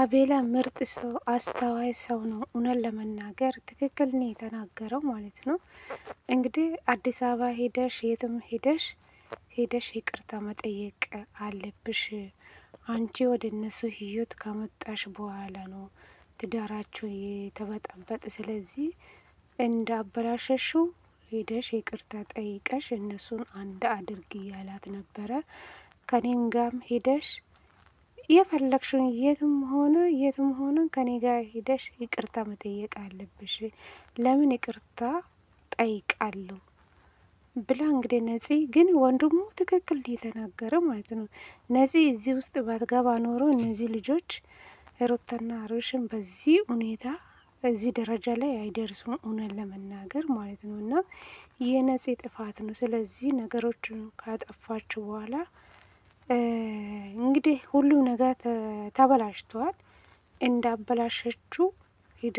አቤላ ምርጥ ሰው አስተዋይ ሰው ነው። እውነት ለመናገር ትክክል ነው የተናገረው ማለት ነው። እንግዲህ አዲስ አበባ ሄደሽ የትም ሄደሽ ሄደሽ ይቅርታ መጠየቅ አለብሽ። አንቺ ወደ እነሱ ህይወት ከመጣሽ በኋላ ነው ትዳራቸው የተበጠበጠ። ስለዚህ እንደ አበላሸሽው ሄደሽ ይቅርታ ጠይቀሽ እነሱን አንድ አድርግ እያላት ነበረ። ከኔም ጋም ሄደሽ የፈለግሽውን የትም ሆነ የትም ሆነ ከኔ ጋር ሂደሽ ይቅርታ መጠየቅ አለብሽ። ለምን ይቅርታ ጠይቃለሁ ብላ እንግዲህ ነጺ ግን ወንድሙ ትክክል የተናገረ ማለት ነው። ነጺ እዚህ ውስጥ ባትገባ ኖሮ እነዚህ ልጆች ሩታና አብርሽን በዚህ ሁኔታ እዚህ ደረጃ ላይ አይደርሱም፣ እውነን ለመናገር ማለት ነው። እና የነጺ ጥፋት ነው። ስለዚህ ነገሮችን ካጠፋችሁ በኋላ እንግዲህ ሁሉም ነገር ተበላሽተዋል። እንዳበላሸችው ሂዳ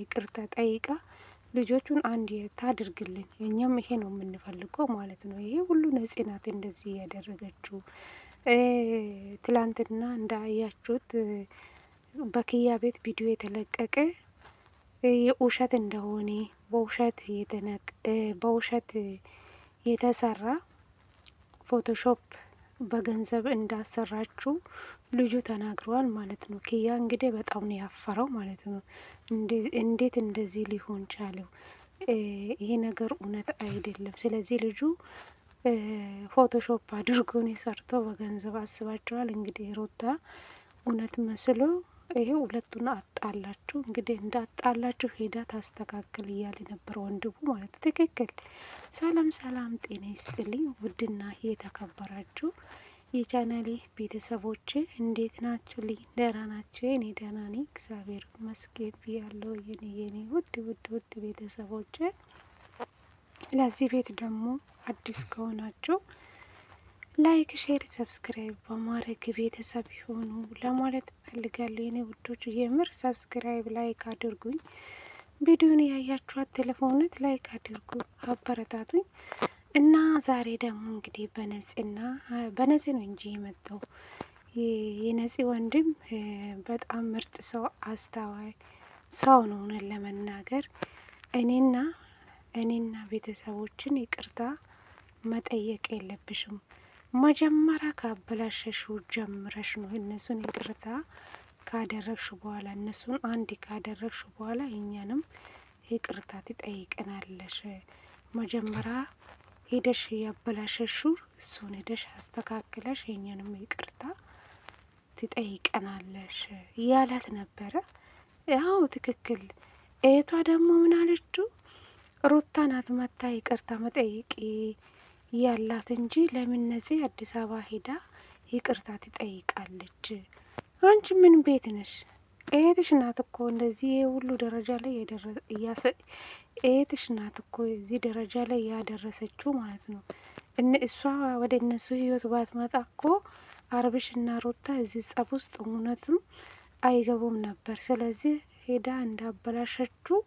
ይቅርታ ጠይቃ ልጆቹን አንድ ታድርግልን። እኛም ይሄ ነው የምንፈልገው ማለት ነው። ይሄ ሁሉ ነጽናት እንደዚህ ያደረገችው ትላንትና እንዳያችሁት በክያ ቤት ቪዲዮ የተለቀቀ የውሸት እንደሆነ በውሸት በውሸት የተሰራ ፎቶሾፕ በገንዘብ እንዳሰራችው ልጁ ተናግረዋል ማለት ነው። ኪያ እንግዲህ በጣም ነው ያፈረው ማለት ነው። እንዴት እንደዚህ ሊሆን ቻለው? ይሄ ነገር እውነት አይደለም። ስለዚህ ልጁ ፎቶሾፕ አድርጎ ነው የሰርተው በገንዘብ አስባቸዋል። እንግዲህ ሩታ እውነት መስሎ ይሄ ሁለቱን አጣላችሁ እንግዲህ እንዳጣላችሁ ሄዳ ታስተካክል እያለ ነበር ወንድሙ ማለት ትክክል። ሰላም ሰላም፣ ጤና ይስጥልኝ ውድና የተከበራችሁ የቻናሌ ቤተሰቦች እንዴት ናችሁ? ልኝ ደህና ናቸው። የኔ ደህና ነኝ እግዚአብሔር ይመስገን ያለው የኔ የኔ ውድ ውድ ውድ ቤተሰቦች ለዚህ ቤት ደግሞ አዲስ ከሆናችሁ ላይክ፣ ሼር፣ ሰብስክራይብ በማድረግ ቤተሰብ ይሆኑ ለማለት እፈልጋለሁ። የኔ ውዶች የምር ሰብስክራይብ ላይክ አድርጉኝ። ቪዲዮን ያያችኋት ቴሌፎነት ላይክ አድርጉ፣ አበረታቱኝ እና ዛሬ ደግሞ እንግዲህ በነጽና በነጽ ነው እንጂ የመጣው የነጽ ወንድም በጣም ምርጥ ሰው አስተዋይ ሰው ነው። እውነት ለመናገር እኔና እኔና ቤተሰቦችን ይቅርታ መጠየቅ የለብሽም መጀመሪያ ካበላሸሹ ጀምረሽ ነው እነሱን ይቅርታ ካደረግሽ በኋላ እነሱን አንድ ካደረግሽ በኋላ እኛንም ይቅርታ ትጠይቅናለሽ። መጀመሪያ ሄደሽ ያበላሸሹ እሱን ሄደሽ አስተካክለሽ የኛንም ይቅርታ ትጠይቀናለሽ እያላት ነበረ። ያው ትክክል። እህቷ ደግሞ ምን አለችው? ሩታ ናት መታ ይቅርታ መጠይቂ ያላት እንጂ ለምን ነፂ አዲስ አበባ ሄዳ ይቅርታ ትጠይቃለች? አንቺ ምን ቤት ነሽ? እህትሽ ናት እኮ እንደዚህ ሁሉ ደረጃ ላይ እህትሽ ናት እኮ እዚህ ደረጃ ላይ ያደረሰችው ማለት ነው። እነ እሷ ወደ እነሱ ህይወት ባትመጣ እኮ አርብሽ እና ሮታ እዚህ ጸብ ውስጥ እውነትም አይገቡም ነበር። ስለዚህ ሄዳ እንዳበላሸችው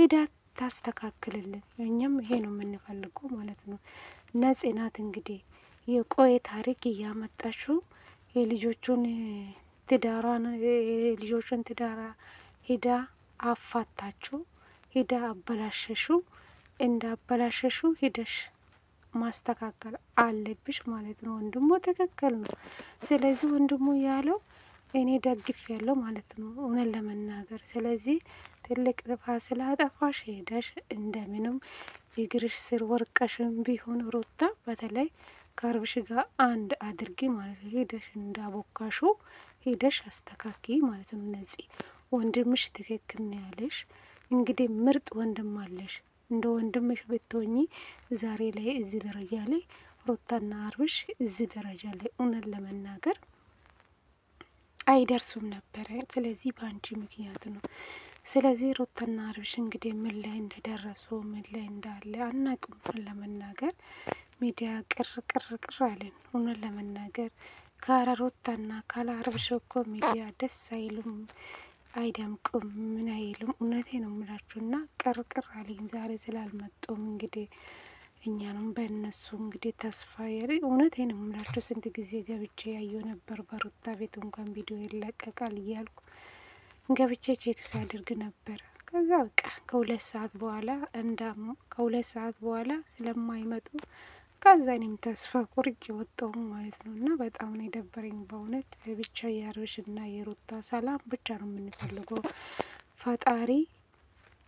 ሄዳ ታስተካክልልን። እኛም ይሄ ነው የምንፈልገው ማለት ነው። እና ናት እንግዲህ የቆየ ታሪክ እያመጣችው የልጆቹን ትዳሯን የልጆቹን ትዳራ ሂዳ አፋታችሁ ሂዳ አበላሸሹ እንዳበላሸሹ ሂደሽ ማስተካከል አለብሽ ማለት ነው። ወንድሞ ትክክል ነው። ስለዚህ ወንድሞ ያለው እኔ ደግፍ ያለው ማለት ነው እውነት ለመናገር ስለዚህ ትልቅ ጥፋት ስላጠፋሽ ሄደሽ እንደምንም እግርሽ ስር ወርቀሽም ቢሆን ሩታ በተለይ ከአብርሽ ጋር አንድ አድርጊ ማለት ነው። ሄደሽ እንዳቦካሹ ሄደሽ አስተካኪ ማለት ነው። ነፂ ወንድምሽ ትክክል ነው ያለሽ። እንግዲህ ምርጥ ወንድም አለሽ። እንደ ወንድምሽ ብትሆኚ ዛሬ ላይ እዚህ ደረጃ ላይ ሩታና አብርሽ እዚህ ደረጃ ላይ እውነት ለመናገር አይደርሱም ነበረ። ስለዚህ በአንቺ ምክንያት ነው። ስለዚህ ሩታና አብርሽ እንግዲህ ምን ላይ እንደደረሱ ምን ላይ እንዳለ አናቅም። ለመናገር ሚዲያ ቅር ቅር ቅር አለን። ሁን ለመናገር ካለ ሩታና ካለ አብርሽ እኮ ሚዲያ ደስ አይሉም፣ አይደምቁም፣ ምን አይሉም። እውነቴ ነው የምላችሁና ቅር ቅር አለኝ። ዛሬ ስላልመጡም እንግዲህ እኛንም በእነሱ እንግዲህ ተስፋ ያለ እውነት ነው የምላቸው። ስንት ጊዜ ገብቼ ያየው ነበር በሩታ ቤት እንኳን ቪዲዮ ይለቀቃል እያልኩ ገብቼ ቼክ ሲያደርግ ነበር። ከዛ በቃ ከሁለት ሰዓት በኋላ እንዳሞ ከሁለት ሰዓት በኋላ ስለማይመጡ ከዛ እኔም ተስፋ ቁርጭ ወጣሁ ማለት ነው። እና በጣም ነው የደበረኝ በእውነት ብቻ የአብርሽ እና የሩታ ሰላም ብቻ ነው የምንፈልገው። ፈጣሪ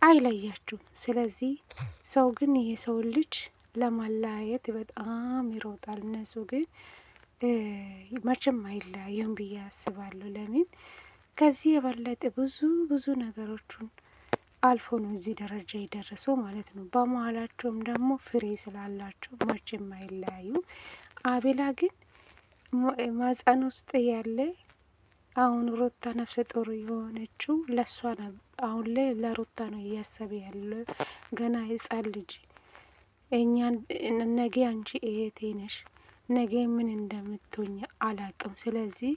አይለያችሁም። ስለዚህ ሰው ግን ይሄ ሰው ልጅ ለማለያየት በጣም ይሮጣል። እነሱ ግን መቼም አይለያዩም ብዬ አስባለሁ። ለምን ከዚህ የበለጠ ብዙ ብዙ ነገሮቹን አልፎ ነው እዚህ ደረጃ የደረሰው ማለት ነው። በመሀላቸውም ደግሞ ፍሬ ስላላቸው መቼ የማይለያዩ አቤላ ግን ማፀን ውስጥ ያለ አሁን ሩታ ነፍሰ ጡር የሆነችው ለእሷ አሁን ላይ ለሩታ ነው እያሰበ ያለ ገና ህፃን ልጅ እኛን ነገ አንቺ እህቴ ነሽ ነገ ምን እንደምትሆኝ አላቅም። ስለዚህ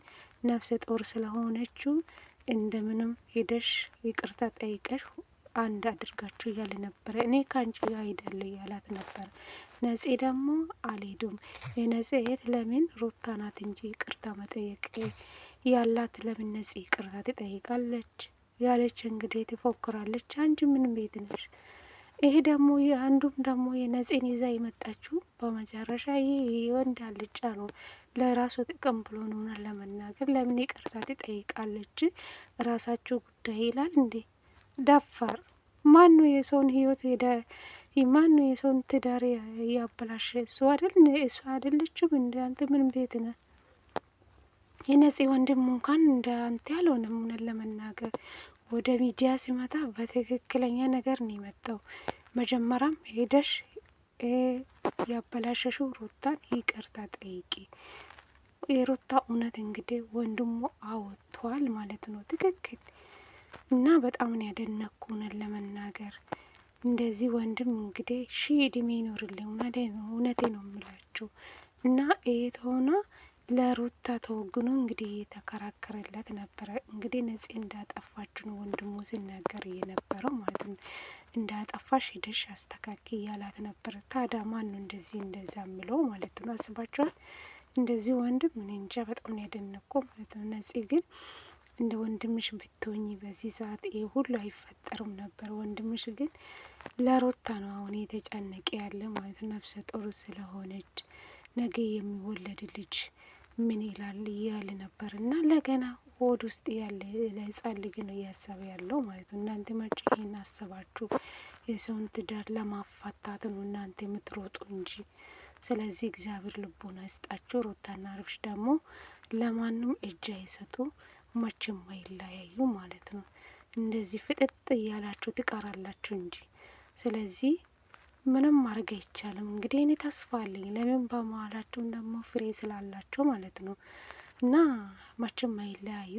ነፍሰ ጡር ስለሆነችው እንደምንም ሄደሽ ይቅርታ ጠይቀሽ አንድ አድርጋችሁ እያለ ነበረ። እኔ ከአንቺ አይደል ያላት እያላት ነበር። ነፄ ደግሞ አልሄዱም። የነፄ እህት ለምን ሩታ ናት እንጂ ቅርታ መጠየቅ ያላት ለምን ነጽ ቅርታ ትጠይቃለች? ያለች እንግዲህ ትፎክራለች። አንቺ ምን ቤት ነሽ? ይሄ ደግሞ አንዱም ደግሞ የነፂን ይዛ የመጣችው በመጨረሻ ይህ የወንድ አልጫ ነው። ለራሱ ጥቅም ብሎ ነውናል ለመናገር ለምን ይቅርታ ትጠይቃለች? ራሳችሁ ጉዳይ ይላል እንዴ! ደፋር ማኑ የሰውን ህይወት ማኑ የሰውን ትዳር ያበላሽ እሱ አደል እሱ አደለችም? እንደ አንተ ምን ቤት ነ የነፂ ወንድም እንኳን እንደ አንተ ያልሆነም ለመናገር ወደ ሚዲያ ሲመጣ በትክክለኛ ነገር ነው የመጣው። መጀመሪያም ሄደሽ ያበላሸሽው ሩታን ይቅርታ ጠይቂ። የሩታ እውነት እንግዲህ ወንድሞ አወጥቷል ማለት ነው። ትክክል እና በጣም ነው ያደነኩነን ለመናገር እንደዚህ ወንድም እንግዲህ ሺ እድሜ ይኖርልኝ። እውነቴ ነው የምላችሁ እና ይሄ ተሆና ለሩታ ተወግኖ እንግዲህ የተከራከረላት ነበረ። እንግዲህ ነፂ እንዳጠፋች ነው ወንድሙ ሲናገር የነበረው ማለት ነው። እንዳጠፋሽ ሂደሽ አስተካኪ እያላት ነበረ። ታዲያ ማን ነው እንደዚህ እንደዛ ምለው ማለት ነው። አስባችኋል? እንደዚህ ወንድም እኔ እንጃ በጣም ነው ያደነቅኩ ማለት ነው። ነፂ ግን እንደ ወንድምሽ ብትሆኝ በዚህ ሰዓት ይህ ሁሉ አይፈጠርም ነበር። ወንድምሽ ግን ለሮታ ነው አሁን የተጨነቀ ያለ ማለት ነው። ነፍሰ ጡር ስለሆነች ነገ የሚወለድ ልጅ ምን ይላል እያለ ነበር እና ለገና ሆድ ውስጥ ያለ ለህፃን ልጅ ነው እያሰበ ያለው ማለት ነው። እናንተ መጭ ይህን አሰባችሁ? የሰውን ትዳር ለማፋታት ነው እናንተ የምትሮጡ እንጂ። ስለዚህ እግዚአብሔር ልቦና ይስጣችሁ። ሩታና አብርሽ ደግሞ ለማንም እጅ አይሰጡ፣ መቼም አይለያዩ ማለት ነው። እንደዚህ ፍጥጥ እያላችሁ ትቀራላችሁ እንጂ ስለዚህ ምንም ማድረግ አይቻልም። እንግዲህ እኔ ተስፋ አለኝ። ለምን በመሀላቸውም ደግሞ ፍሬ ስላላቸው ማለት ነው። እና መቼም አይለያዩ።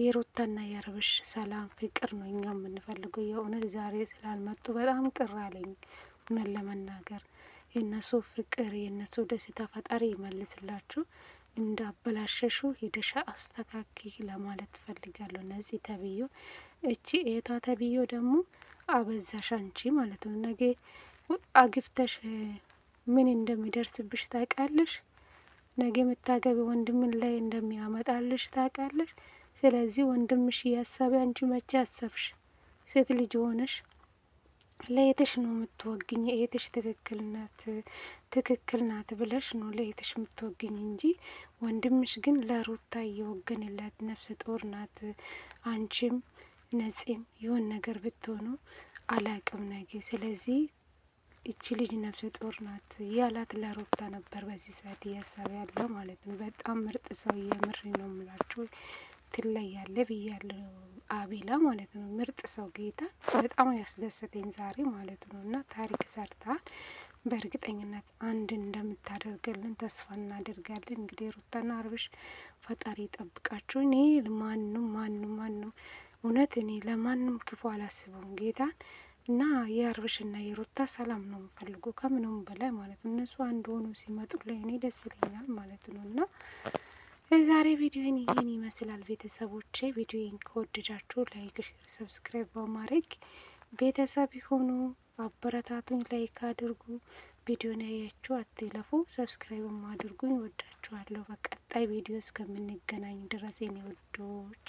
የሩታና የአብርሽ ሰላም ፍቅር ነው እኛ የምንፈልገው። የእውነት ዛሬ ስላልመጡ በጣም ቅር አለኝ። እውነት ለመናገር የእነሱ ፍቅር የእነሱ ደስታ ፈጣሪ ይመልስላችሁ። እንዳበላሸሹ ሂደሻ አስተካኪ ለማለት ፈልጋለሁ። እነዚህ ተብዮ እቺ ኤቷ ተብዮ ደግሞ አበዛሽ አንቺ ማለት ነው። ነገ አግብተሽ ምን እንደሚደርስብሽ ታውቂያለሽ። ነገ የምታገቢ ወንድምን ላይ እንደሚያመጣልሽ ታውቂያለሽ። ስለዚህ ወንድምሽ እያሰበ አንቺ መቼ አሰብሽ? ሴት ልጅ ሆነሽ ለየትሽ ነው የምትወግኝ? የትሽ ትክክል ናት ትክክል ናት ብለሽ ነው ለየትሽ የምትወግኝ እንጂ ወንድምሽ ግን ለሩታ እየወገንላት ነፍሰ ጦር ናት አንቺም ነፂም የሆን ነገር ብትሆኑ አላቅም ነገ። ስለዚህ እቺ ልጅ ነፍሰ ጡር ናት ያላት ለሮብታ ነበር። በዚህ ሰዓት እያሳብ ያለ ማለት ነው። በጣም ምርጥ ሰው የምር ነው ምላችሁ ትለያለ ብያለ አቤላ ማለት ነው ምርጥ ሰው ጌታ በጣም ያስደሰተኝ ዛሬ ማለት ነው። እና ታሪክ ሰርታል። በእርግጠኝነት አንድ እንደምታደርገልን ተስፋ እናደርጋለን። እንግዲህ ሩታና አብርሽ ፈጣሪ ይጠብቃችሁ። እኔ ማንም ማንም ማንም እውነት እኔ ለማንም ክፉ አላስበውም ጌታን እና የአብርሽና የሩታ ሰላም ነው የምፈልጉ ከምንም በላይ ማለት ነው። እነሱ አንድ ሆኖ ሲመጡልኝ እኔ ደስ ይለኛል ማለት ነው። እና የዛሬ ቪዲዮን ይህን ይመስላል ቤተሰቦቼ። ቪዲዮን ከወደዳችሁ ላይክ፣ ሼር፣ ሰብስክራይብ በማድረግ ቤተሰብ ሆኑ አበረታቱኝ። ላይክ አድርጉ። ቪዲዮን ያያችሁ አትለፉ። ሰብስክራይብ አድርጉኝ። ወዳችኋለሁ። በቀጣይ ቪዲዮ እስከምንገናኝ ድረስ የኔ ውዶች